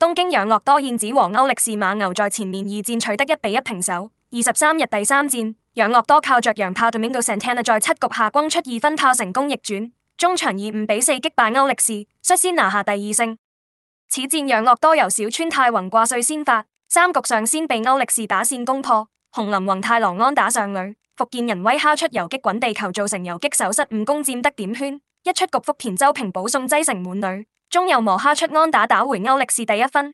東京養樂多燕子和歐力士猛牛在前面二戰取得一比一平手。二十三日第三戰，養樂多靠着洋炮 Domingo Santana，在七局下轟出二分炮成功逆轉，終場以五比四擊敗歐力士，率先拿下第二勝。此戰養樂多由小川泰宏掛帥先發，三局上先被歐力士打線攻破，紅林宏太郎安打上壘，福建仁威敲出游擊滾地球造成游擊手失誤攻佔得點圈，一出局福田周平保送擠成滿壘。中游磨敲出安打打回歐力士第一分，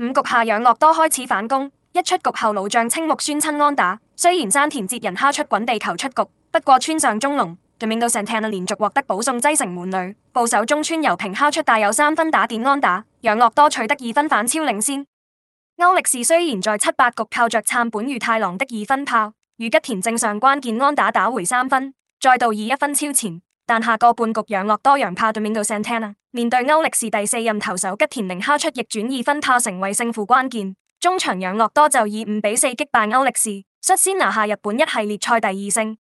五局下養樂多開始反攻，一出局後老將青木宣親安打，雖然山田哲人敲出滾地球出局，不過村上中龍就命到成艇連續獲得保送擠成滿壘，捕手中村由平敲出帶有三分打點安打，養樂多取得二分反超領先。歐力士雖然在七八局靠着杉本裕太郎的二分炮，與吉田正上關鍵安打打回三分，再度以一分超前。但下個半局，養樂多洋炮 Domingo Santana，面對歐力士第四任投手吉田凌轟出逆轉二分炮，成為勝負關鍵。中場養樂多就以五比四擊敗歐力士，率先拿下日本一系列賽第二勝。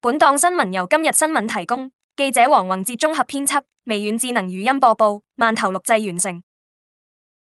本檔新聞由今日新聞提供，記者黃宏哲綜合編輯，微軟智能語音播報，曼頭錄製完成。